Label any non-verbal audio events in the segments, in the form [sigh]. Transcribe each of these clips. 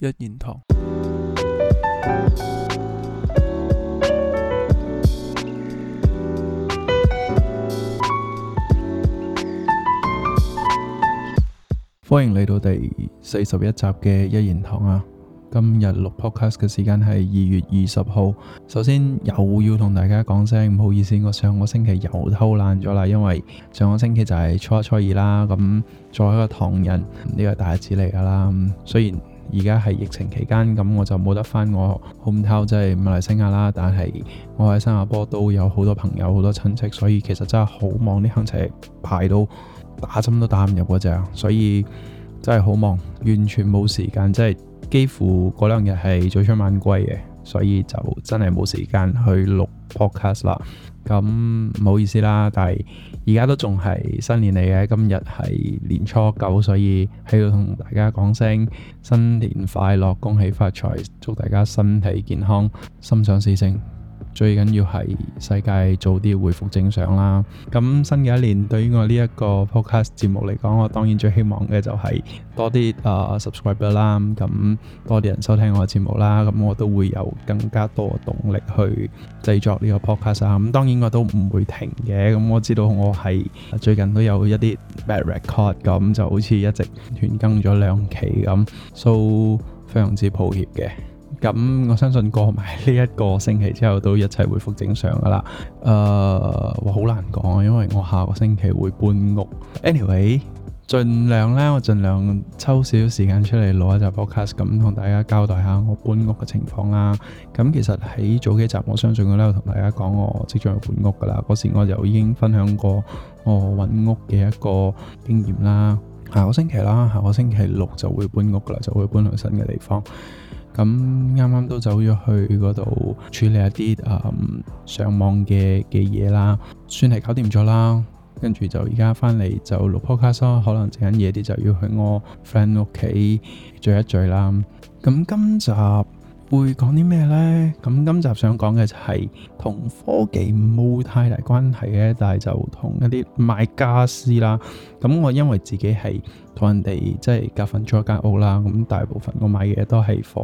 一言堂，歡迎嚟到第四十一集嘅一言堂啊！今日錄 podcast 嘅時間係二月二十號。首先又要同大家講聲唔好意思，我上個星期又偷懶咗啦，因為上個星期就係初一、初二啦。咁作為一個唐人呢、這個大日子嚟噶啦，雖然。而家係疫情期間，咁我就冇得翻我 home town 即係馬來西亞啦。但係我喺新加坡都有好多朋友、好多親戚，所以其實真係好忙，啲行程排到打針都打唔入嗰隻，所以真係好忙，完全冇時間，即係幾乎嗰兩日係早出晚歸嘅，所以就真係冇時間去錄 podcast 啦。咁唔好意思啦，但係而家都仲係新年嚟嘅，今日係年初九，所以喺度同大家講聲新年快樂，恭喜發財，祝大家身體健康，心想事成。最緊要係世界早啲恢復正常啦。咁新嘅一年對於我呢一個 podcast 節目嚟講，我當然最希望嘅就係多啲啊、uh, subscriber 啦，咁多啲人收聽我嘅節目啦。咁我都會有更加多嘅動力去製作呢個 podcast 啊。咁當然我都唔會停嘅。咁我知道我係最近都有一啲 bad record，咁就好似一直斷更咗兩期咁，so 非常之抱歉嘅。咁我相信過埋呢一個星期之後，都一切恢復正常噶啦。誒，好難講啊，因為我下個星期會搬屋。Anyway，盡量咧，我盡量抽少少時間出嚟攞一集 podcast，咁同大家交代下我搬屋嘅情況啦。咁其實喺早幾集，我相信我咧，我都有同大家講我即將要搬屋噶啦。嗰時我就已經分享過我揾屋嘅一個經驗啦。下個星期啦，下個星期六就會搬屋噶啦，就會搬去新嘅地方。咁啱啱都走咗去嗰度處理一啲誒、嗯、上網嘅嘅嘢啦，算係搞掂咗啦。跟住就而家翻嚟就錄 podcast 咯，可能陣間夜啲就要去我 friend 屋企聚一聚啦。咁、嗯、今集，會講啲咩呢？咁今集想講嘅就係同科技冇太大關係嘅，但係就同一啲賣家私啦。咁我因為自己係同人哋即係夾份租一間屋啦，咁大部分我買嘅都係房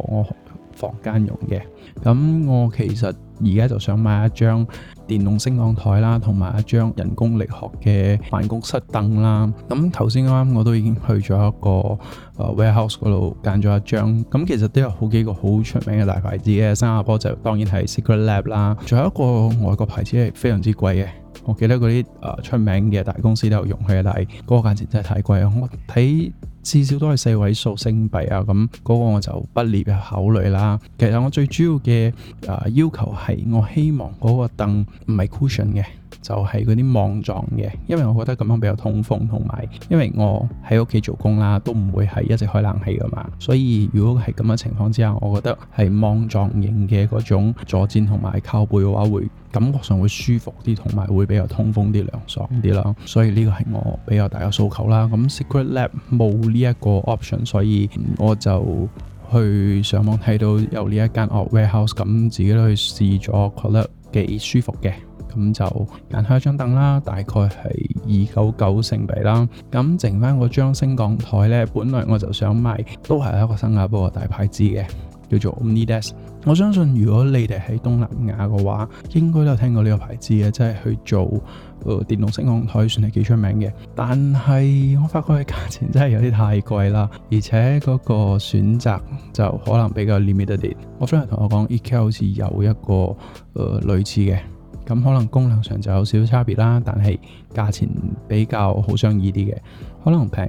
房間用嘅。咁我其實～而家就想買一張電動升降台啦，同埋一張人工力學嘅辦公室凳啦。咁頭先啱啱我都已經去咗一個誒 warehouse 嗰度揀咗一張。咁其實都有好幾個好出名嘅大牌子嘅，新加坡就當然係 Secret Lab 啦。仲有一個外國牌子係非常之貴嘅，我記得嗰啲誒出名嘅大公司都有用佢，但係嗰個價錢真係太貴啊！我睇。至少都係四位數新幣啊！咁嗰個我就不列入考慮啦。其實我最主要嘅、呃、要求係，我希望嗰個凳唔係 cushion 嘅。就係嗰啲網狀嘅，因為我覺得咁樣比較通風，同埋因為我喺屋企做工啦，都唔會係一直開冷氣噶嘛。所以如果係咁嘅情況之下，我覺得係網狀型嘅嗰種坐墊同埋靠背嘅話，會感覺上會舒服啲，同埋會比較通風啲、涼爽啲啦。所以呢個係我比較大嘅訴求啦。咁 Secret Lab 冇呢一個 option，所以我就去上網睇到有呢一間 Warehouse，咁自己都去試咗，覺得幾舒服嘅。咁就揀開張凳啦，大概係二九九成比啦。咁剩翻嗰張升降台呢，本來我就想買，都係一個新加坡嘅大牌子嘅，叫做 OmniDesk。我相信如果你哋喺東南亞嘅話，應該都有聽過呢個牌子嘅，即係去做誒、呃、電動升降台，算係幾出名嘅。但係我發覺佢價錢真係有啲太貴啦，而且嗰個選擇就可能比較 limited 啲。我想同我講 EK 好似有一個誒、呃、類似嘅。咁可能功能上就有少少差別啦，但係價錢比較好相宜啲嘅，可能平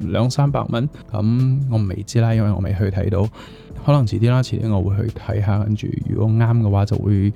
兩三百蚊。咁我未知啦，因為我未去睇到。可能遲啲啦，遲啲我會去睇下，跟住如果啱嘅話就會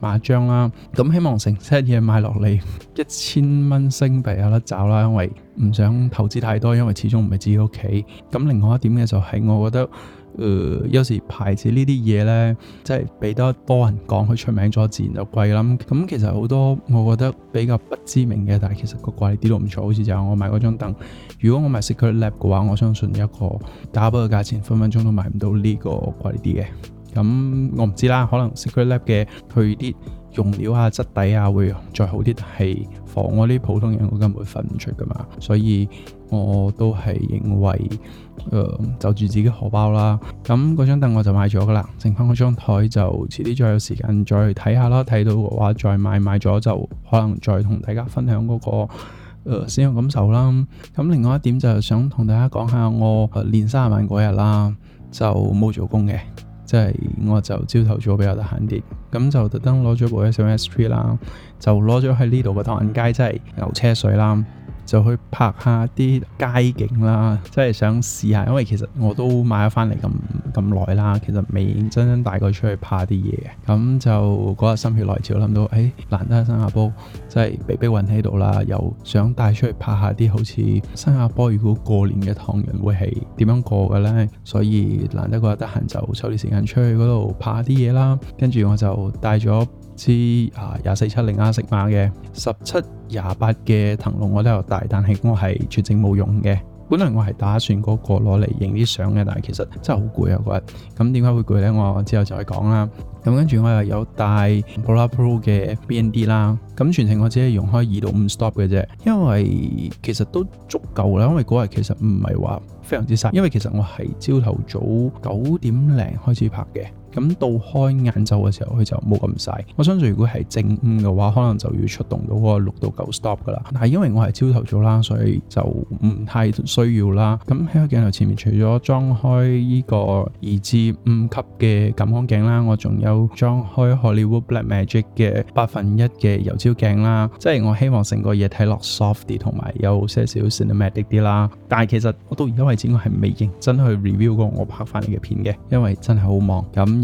買一張啦。咁希望成 set 嘢買落嚟一千蚊星幣有得找啦，因為唔想投資太多，因為始終唔係自己屋企。咁另外一點嘅就係我覺得。誒、呃、有時牌子呢啲嘢呢，即係俾得多人講佢出名咗，自然就貴啦。咁、嗯、其實好多我覺得比較不知名嘅，但係其實個貴啲都唔錯。好似就係我買嗰張凳，如果我買 Secret Lab 嘅話，我相信一個打包嘅價錢分分鐘都買唔到呢個貴啲嘅。咁、嗯、我唔知啦，可能 Secret Lab 嘅佢啲用料啊、質地啊會再好啲，係防嗰啲普通人我根本會分唔出噶嘛。所以我都係認為、呃，就住自己荷包啦。咁嗰張凳我就買咗噶啦，剩翻嗰張台就遲啲再有時間再睇下啦。睇到嘅話再買，買咗就可能再同大家分享嗰、那個使用、呃、感受啦。咁另外一點就係想同大家講下我，我年卅晚嗰日啦，就冇做工嘅，即係我就朝頭早比較得閒啲，咁就特登攞咗部 s S Three 啦，就攞咗喺呢度個唐人街，即係牛車水啦。就去拍下啲街景啦，即係想試下，因為其實我都買咗翻嚟咁咁耐啦，其實未認認真真帶佢出去拍啲嘢嘅。咁就嗰日心血來潮諗到，誒、哎、難得新加坡，即係被逼運喺度啦，又想帶出去拍下啲好似新加坡如果過年嘅唐人會係點樣過嘅呢？所以難得嗰日得閒就抽啲時間出去嗰度拍下啲嘢啦。跟住我就帶咗支啊廿四七零 x 色碼嘅十七。廿八嘅騰龍我都有帶，但係我係全程冇用嘅。本來我係打算嗰個攞嚟影啲相嘅，但係其實真係好攰啊嗰日。咁點解會攰呢？我之後再講啦。咁跟住我又有帶 PolarPro 嘅 BND 啦。咁全程我只係用開二到五 stop 嘅啫，因為其實都足夠啦。因為嗰日其實唔係話非常之晒，因為其實我係朝頭早九點零開始拍嘅。咁到開晏晝嘅時候，佢就冇咁細。我相信如果係正午嘅話，可能就要出動到個六到九 stop 噶啦。但係因為我係朝頭早啦，所以就唔太需要啦。咁喺個鏡頭前面，除咗裝開呢個二至五級嘅減光鏡啦，我仲有裝開 Hollywood Black Magic 嘅百分一嘅油焦鏡啦。即係我希望成個嘢睇落 soft 啲，同埋有，有些少 cinematic 啲啦。但係其實我到而家為止，為我係未認真去 review 過我拍翻嚟嘅片嘅，因為真係好忙咁。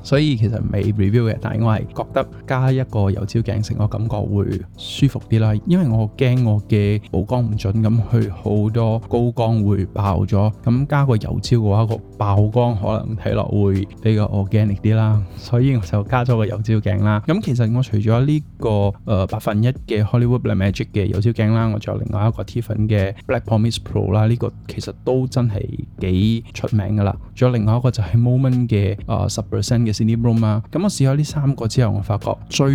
所以其實未 review 嘅，但係我係覺得加一個柔焦鏡成個感覺會舒服啲啦，因為我驚我嘅曝光唔準，咁佢好多高光會爆咗。咁加個柔焦嘅話，個曝光可能睇落會比較 organic 啲啦。所以我就加咗個柔焦鏡啦。咁、嗯、其實我除咗呢、這個誒百、呃、分一嘅 Hollywood Magic 嘅柔焦鏡啦，我仲有另外一個 T 粉嘅 Black Promise Pro 啦，呢、這個其實都真係幾出名噶啦。仲有另外一個就係 Moment 嘅誒十 percent 嘅。呃 Silver Pro 嘛，咁我試咗呢三個之後，我發覺最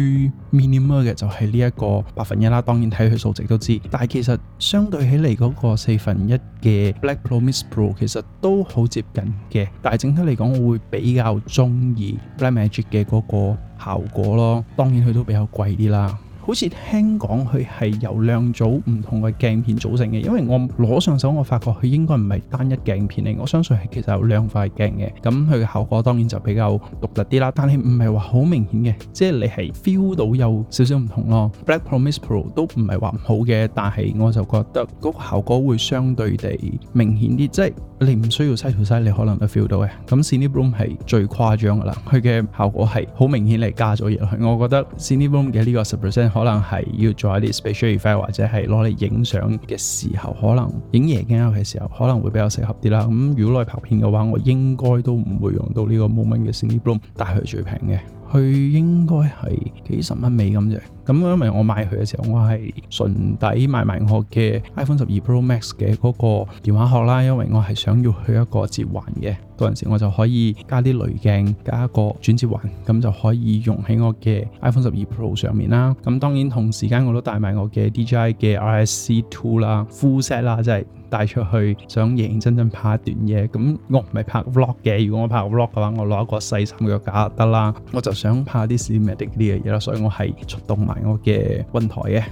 minimal 嘅就係呢一個百分一啦。當然睇佢數值都知，但係其實相對起嚟嗰個四分一嘅 Black Pro Mist 其實都好接近嘅。但係整體嚟講，我會比較中意 Black Magic 嘅嗰個效果咯。當然佢都比較貴啲啦。好似聽講佢係由兩組唔同嘅鏡片組成嘅，因為我攞上手我發覺佢應該唔係單一鏡片嚟，我相信係其實有兩塊鏡嘅。咁佢嘅效果當然就比較獨特啲啦，但係唔係話好明顯嘅，即係你係 feel 到有少少唔同咯。Black Pro-Mist Pro 都唔係話唔好嘅，但係我就覺得個效果會相對地明顯啲，即係你唔需要西條西，你可能都 feel 到嘅。咁 CineBloom 係最誇張噶啦，佢嘅效果係好明顯嚟加咗入去。我覺得 CineBloom 嘅呢個十 percent。可能係要做一啲 special effect，或者係攞嚟影相嘅時候，可能影夜景嘅時候可能會比較適合啲啦。咁如果攞嚟拍片嘅話，我應該都唔會用到呢個 Moment 嘅 CineBloom，但係佢係最平嘅。佢應該係幾十蚊美金啫，咁因為我買佢嘅時候，我係純底買埋我嘅 iPhone 十二 Pro Max 嘅嗰個電話殼啦，因為我係想要去一個接環嘅，到陣時我就可以加啲濾鏡，加一個轉接環，咁就可以用喺我嘅 iPhone 十二 Pro 上面啦。咁當然同時間我都帶埋我嘅 DJI 嘅 RSC Two 啦，Full Set 啦，即係。就是帶出去想認認真真拍一段嘢，咁我唔係拍 vlog 嘅。如果我拍 vlog 嘅話，我攞一個細三腳架就得啦。我就想拍啲攝影的呢啲嘢啦，所以我係出動埋我嘅雲台嘅。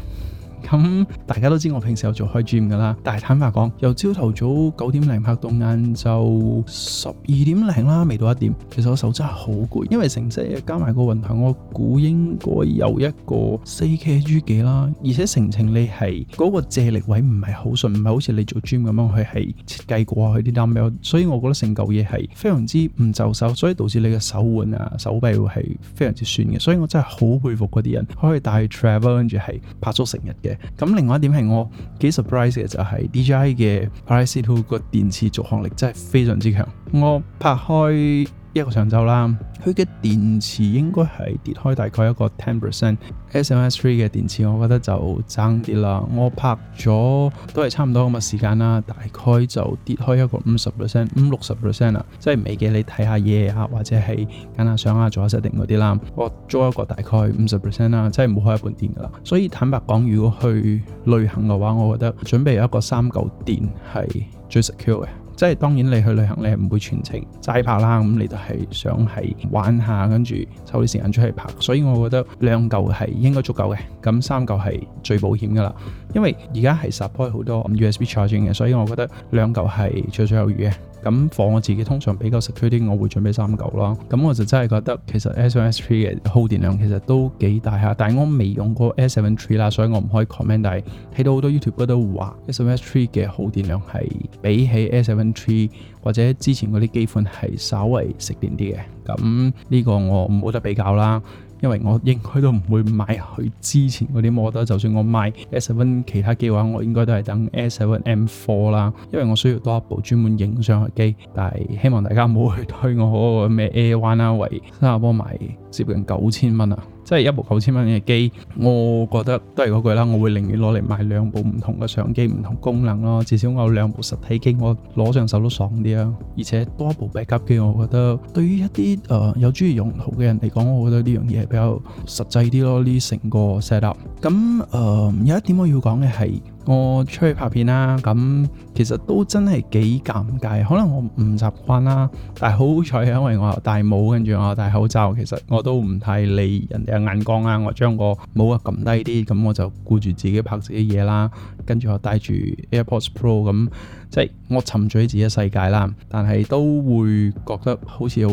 咁大家都知我平時有做開 gym 噶啦，但係坦白講，由朝頭早九點零拍到晏晝十二點零啦，未到一點，其實我手真係好攰，因為成身加埋個運行，我估應該有一個四 kg 幾啦，而且成程你係嗰個借力位唔係好順，唔係好似你做 gym 咁樣去係設計過去啲 d，所以我覺得成嚿嘢係非常之唔就手，所以導致你嘅手腕啊、手臂會係非常之酸嘅，所以我真係好佩服嗰啲人可以帶去 travel 跟住係拍足成日嘅。咁另外一點係我幾 surprise 嘅就係、是、DJI 嘅 RSC2 個電池續航力真係非常之強，我拍開一個上晝啦，佢嘅電池應該係跌開大概一個 ten percent。A7S Three 嘅電池，我覺得就爭啲啦。我拍咗都係差唔多咁嘅時間啦，大概就跌開一個五十 percent、五六十 percent 啦，即係未嘅你睇下嘢啊，或者係揀下相啊、做下 setting 嗰啲啦。我租一個大概五十 percent 啦，即係冇開一半電㗎啦。所以坦白講，如果去旅行嘅話，我覺得準備一個三舊電係最 secure 嘅。即係當然，你去旅行你係唔會全程齋拍啦，咁你都係想係玩下，跟住抽啲時間出去拍。所以我覺得兩嚿係應該足夠嘅，咁三嚿係最保險㗎喇。因為而家係 support 好多 USB charging 嘅，所以我覺得兩嚿係綽綽有餘嘅。咁放我自己通常比較食電啲，我會準備三嚿啦。咁我就真係覺得其實 S73 嘅耗電量其實都幾大下，但係我未用過 S73 啦，所以我唔可以 comment。但係睇到好多 YouTube 都話 S73 嘅耗電量係比起 S73 或者之前嗰啲機款係稍微食電啲嘅。咁呢個我冇得比較啦。因為我應該都唔會買佢之前嗰啲，我覺得就算我買 S1 其他機嘅話，我應該都係等 S1M4 啦，因為我需要多一部專門影相嘅機。但係希望大家唔好去推我嗰個咩 A1 啦、啊，喺新加坡買接近九千蚊啊！即係一部九千蚊嘅機，我覺得都係嗰句啦。我會寧願攞嚟買兩部唔同嘅相機，唔同功能咯。至少我有兩部實體機，我攞上手都爽啲啊。而且多一部 backup 機，我覺得對於一啲誒、呃、有專業用途嘅人嚟講，我覺得呢樣嘢係比較實際啲咯。呢成個 set up，咁誒、呃、有一點我要講嘅係。我出去拍片啦，咁其實都真係幾尷尬，可能我唔習慣啦。但係好彩係，因為我有戴帽，跟住我戴口罩，其實我都唔太理人哋嘅眼光啊。我將個帽啊撳低啲，咁我就顧住自己拍自己嘢啦。跟住我戴住 AirPods Pro 咁。即係我沉醉自己嘅世界啦，但係都會覺得好似好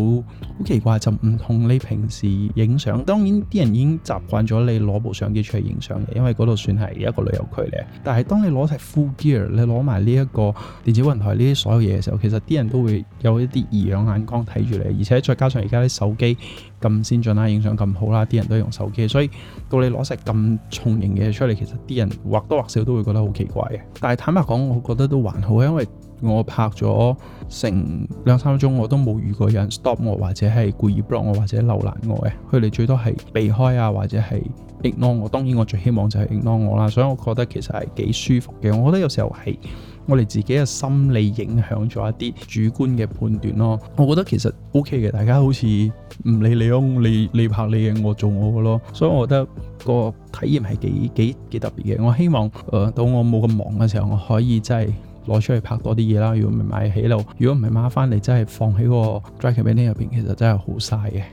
好奇怪，就唔同你平時影相。當然啲人已經習慣咗你攞部相機出嚟影相嘅，因為嗰度算係一個旅遊區嚟。但係當你攞齊 full gear，你攞埋呢一個電子雲台呢啲所有嘢嘅時候，其實啲人都會有一啲異樣眼光睇住你，而且再加上而家啲手機咁先進啦，影相咁好啦，啲人都用手機，所以到你攞隻咁重型嘅嘢出嚟，其實啲人或多或少都會覺得好奇怪嘅。但係坦白講，我覺得都還好，因為我拍咗成兩三分鐘，我都冇遇過有人 stop 我，或者係故意 block 我，或者留難我嘅。佢哋最多係避開啊，或者係 ignore 我。當然，我最希望就係 ignore 我啦。所以，我覺得其實係幾舒服嘅。我覺得有時候係。我哋自己嘅心理影響咗一啲主觀嘅判斷咯，我覺得其實 OK 嘅，大家好似唔理你咯，你你拍你嘅，我做我嘅咯，所以我覺得個體驗係幾幾幾特別嘅。我希望，誒、呃，到我冇咁忙嘅時候，我可以真係攞出去拍多啲嘢啦。如果唔係買起路，如果唔係買翻嚟，真係放喺個 dry cabinet 入邊，其實真係好嘥嘅。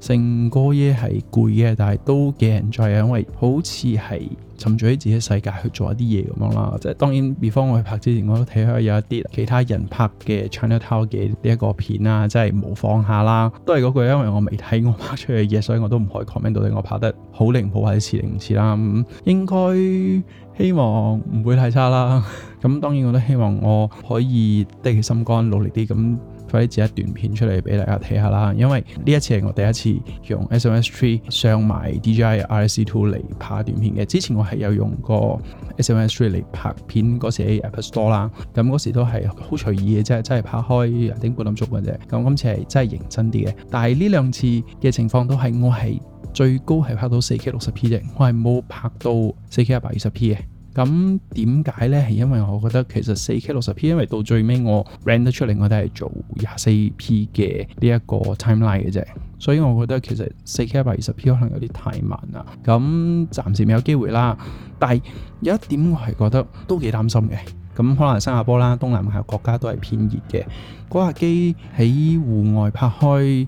成個嘢係攰嘅，但係都幾 enjoy 嘅，因為好似係沉醉喺自己世界去做一啲嘢咁樣啦。即係當然，譬如我去拍之前，我都睇開有一啲其他人拍嘅 Chinatown 嘅呢一個片啦，即係模仿下啦。都係嗰句，因為我未睇我拍出嘅嘢，所以我都唔可以 comment 到你我拍得好靈唔好或者似唔似啦。咁、嗯、應該希望唔會太差啦。咁、 [laughs] 嗯、當然我都希望我可以低起心肝努力啲咁。快啲剪一段片出嚟俾大家睇下啦，因為呢一次係我第一次用 A7S Three 上埋 D J I R S C Two 嚟拍短片嘅。之前我係有用過 A7S Three 嚟拍片，嗰時喺 App Store 啦，咁嗰時都係好隨意嘅啫，即係拍開頂半林捉嘅啫。咁今次係真係認真啲嘅，但係呢兩次嘅情況都係我係最高係拍到四 K 六十 P 啫，我係冇拍到四 K 一百二十 P 嘅。咁點解呢？係因為我覺得其實四 K 六十 P，因為到最尾我 render 出嚟我都係做廿四 P 嘅呢一個 timeline 嘅啫，所以我覺得其實四 K 一百二十 P 可能有啲太慢啦。咁暫時未有機會啦。但係有一點我係覺得都幾擔心嘅。咁可能新加坡啦、東南亞國家都係偏熱嘅，嗰架機喺戶外拍開，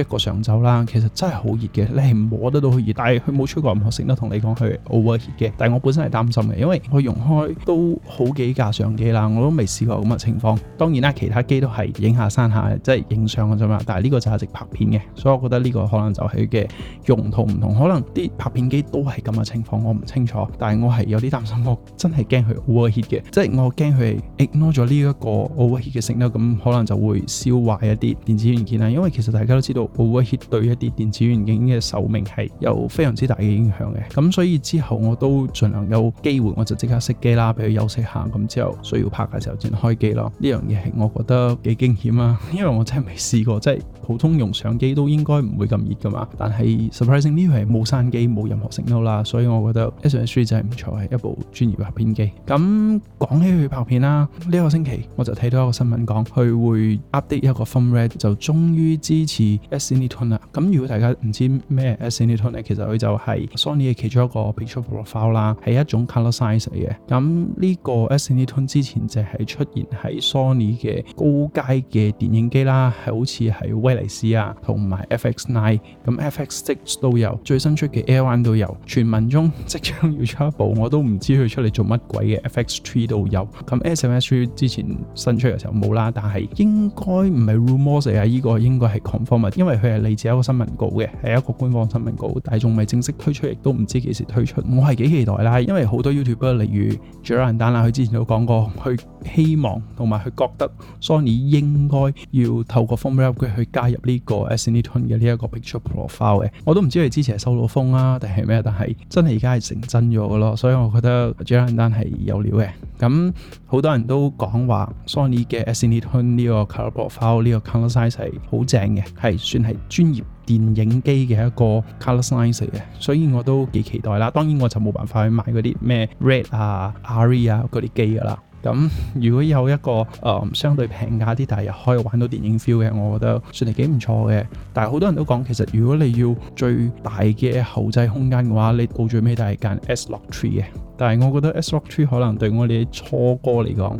一個上晝啦，其實真係好熱嘅，你係摸得到佢熱，但係佢冇出過任何性都同你講佢 overheat 嘅，但係我本身係擔心嘅，因為我用開都好幾架相機啦，我都未試過咁嘅情況。當然啦，其他機都係影下山下，即係影相嘅啫嘛。但係呢個就係直拍片嘅，所以我覺得呢個可能就係佢嘅用途唔同，可能啲拍片機都係咁嘅情況，我唔清楚。但係我係有啲擔心，我真係驚佢 overheat 嘅，即係我驚佢 ignore、er、咗呢一個 overheat 嘅性質，咁可能就會燒壞一啲電子元件啦。因為其實大家都知道。暴熱對一啲電子元件嘅壽命係有非常之大嘅影響嘅，咁所以之後我都盡量有機會我就即刻熄機啦，俾佢休息下，咁之後需要拍嘅時候先開機咯。呢樣嘢係我覺得幾驚險啊，因為我真係未試過，即係普通用相機都應該唔會咁熱㗎嘛。但係 surprisingly 呢台係冇生機，冇任何 signal 啦，所以我覺得 A7S3 真係唔錯，係一部專業拍片機。咁講起佢拍片啦，呢個星期我就睇到一個新聞講佢會 update 一個 firmware 就終於支持 s s。S-Cinetone 啊，咁如果大家唔知咩 S-Cinetone 咧，其實佢就係 Sony 嘅其中一個 picture profile 啦，係一種 color size 嚟嘅。咁呢個 S-Cinetone 之前就係出現喺 Sony 嘅高階嘅電影機啦，係好似係威尼斯啊，同埋 FX Nine，咁 FX Six 都有，最新出嘅 A1 都有。傳聞中即將要出一部，我都唔知佢出嚟做乜鬼嘅。FX Three 都有，咁 A7S Three 之前新出嘅時候冇啦，但係應該唔係 Rumors 啊，呢個應該係 Conform。因為佢係嚟自一個新聞稿嘅，係一個官方新聞稿，但仲未正式推出亦都唔知幾時推出。我係幾期待啦，因為好多 YouTuber 例如 Gerald Undone 啦，佢之前都講過，佢希望同埋佢覺得 Sony 應該要透過 firmware 去加入呢個 S-Cinetone 嘅呢一個 picture profile 嘅。我都唔知佢之前係收到風啊定係咩，但係真係而家係成真咗嘅咯。所以我覺得 Gerald Undone 係有料嘅。咁好多人都講話 Sony 嘅 S-Cinetone 呢個 color profile 呢個 color size 係好正嘅，係。算係專業電影機嘅一個 colour science 嘅，所以我都幾期待啦。當然我就冇辦法去買嗰啲咩 Red 啊、Arri 啊嗰啲機㗎喇。咁如果有一個誒、呃、相對平價啲，但係又可以玩到電影 feel 嘅，我覺得算係幾唔錯嘅。但係好多人都講，其實如果你要最大嘅後製空間嘅話，你到最尾都係揀 S-Log3 嘅。但係我覺得 S-Log3 可能對我哋初哥嚟講，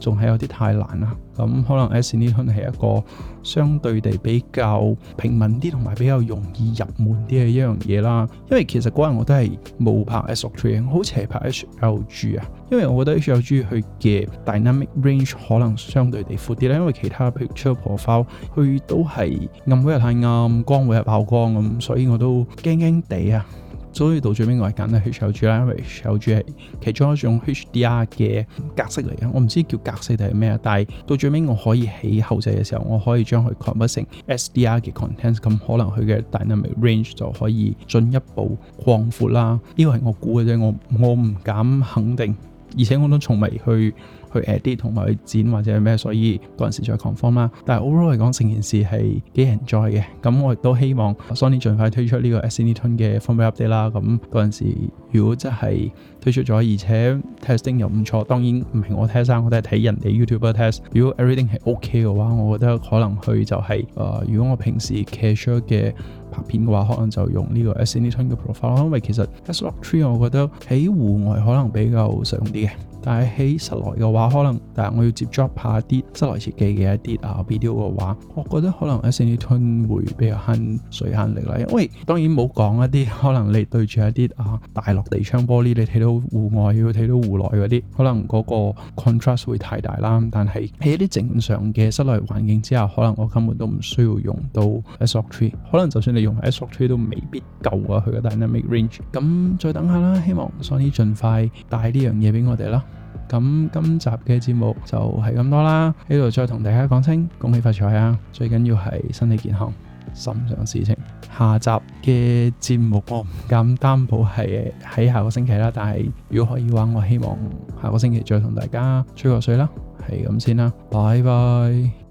仲係有啲太難啦、啊，咁可能 S-Cinetone 係一個相對地比較平民啲，同埋比較容易入門啲嘅一樣嘢啦。因為其實嗰日我都係冇拍 S-Log3 好似係拍 H L G 啊。因為我覺得 H L G 佢嘅 dynamic range 可能相對地闊啲啦，因為其他 picture profile 佢都係暗會又太暗，光會又爆光咁，所以我都驚驚地啊。所以到最尾我係揀咗 HLG 啦，因為 HLG 係其中一種 HDR 嘅格式嚟嘅，我唔知叫格式定係咩啊，但係到最尾我可以起後製嘅時候，我可以將佢 convert 成 SDR 嘅 content，咁可能佢嘅 dynamic range 就可以進一步擴闊啦。呢個係我估嘅啫，我我唔敢肯定。而且我都從未去去 edit 同埋去剪或者係咩，所以嗰陣時再 confirm 啦。但係 overall 嚟講，成件事係幾 enjoy 嘅。咁我亦都希望 Sony 盡快推出呢個 S-Cinetone 嘅 firmware update 啦。咁嗰陣時如果真係推出咗，而且 testing 又唔錯，當然唔係我 testing，我都係睇人哋 YouTuber 嘅 test。如果 everything 係 OK 嘅話，我覺得可能佢就係、是、誒、呃。如果我平時 casual 嘅，拍片嘅話可能就用呢個 S-Cinetone 嘅 profile 咯，因為其實 S-Log3 我覺得喺戶外可能比較實用啲嘅。但係喺室內嘅話，可能但係我要接觸下啲室內設計嘅一啲啊 video 嘅話，我覺得可能 S-Cinetone 會比較慳水慳力啦。因為當然冇講一啲可能你對住一啲啊大落地窗玻璃，你睇到戶外要睇到戶內嗰啲，可能嗰個 contrast 會太大啦。但係喺一啲正常嘅室內環境之下，可能我根本都唔需要用到 S-Log3。可能就算你用 S-Log3 都未必夠啊佢嘅 dynamic range。咁再等下啦，希望 Sony 盡快帶呢樣嘢俾我哋啦。咁今集嘅節目就係咁多啦，呢度再同大家講清，恭喜發財啊！最緊要係身體健康，心想事情。下集嘅節目，唔敢擔保係喺下個星期啦。但係如果可以嘅話，我希望下個星期再同大家吹個水啦，係咁先啦，拜拜。